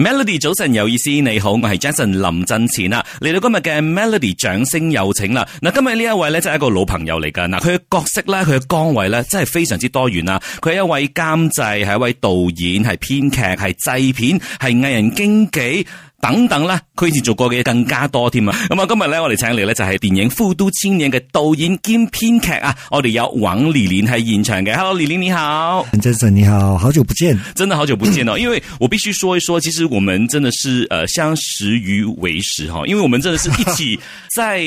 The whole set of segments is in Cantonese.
Melody 早晨有意思，你好，我係 Jason 林振前啦，嚟到今日嘅 Melody 掌聲有請啦。嗱，今日呢一位咧，真係一個老朋友嚟噶。嗱，佢嘅角色咧，佢嘅崗位咧，真係非常之多元啊。佢係一位監製，係一位導演，係編劇，係製片，係藝人經紀。等等啦，可以前做過嘅更加多添啊！咁啊，今日咧，我哋請嚟咧就係電影《富都青年》嘅導演兼編劇啊！我哋有王禮霖喺現場嘅。Hello，禮霖，你好，陳先生你好好久不見，真的好久不見哦，嗯！因為我必須說一說，其實我們真的是，呃相識於微時哈，因為我們真的是一起在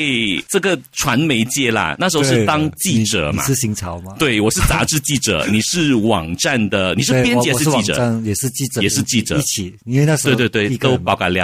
這個傳媒界啦， 那時候是當記者嘛。是新潮嗎？對，我是雜誌記者， 你是網站的，你是編輯還是記者？是網站，也是記者，也是記者，一起，因為那時候對對對都包括了。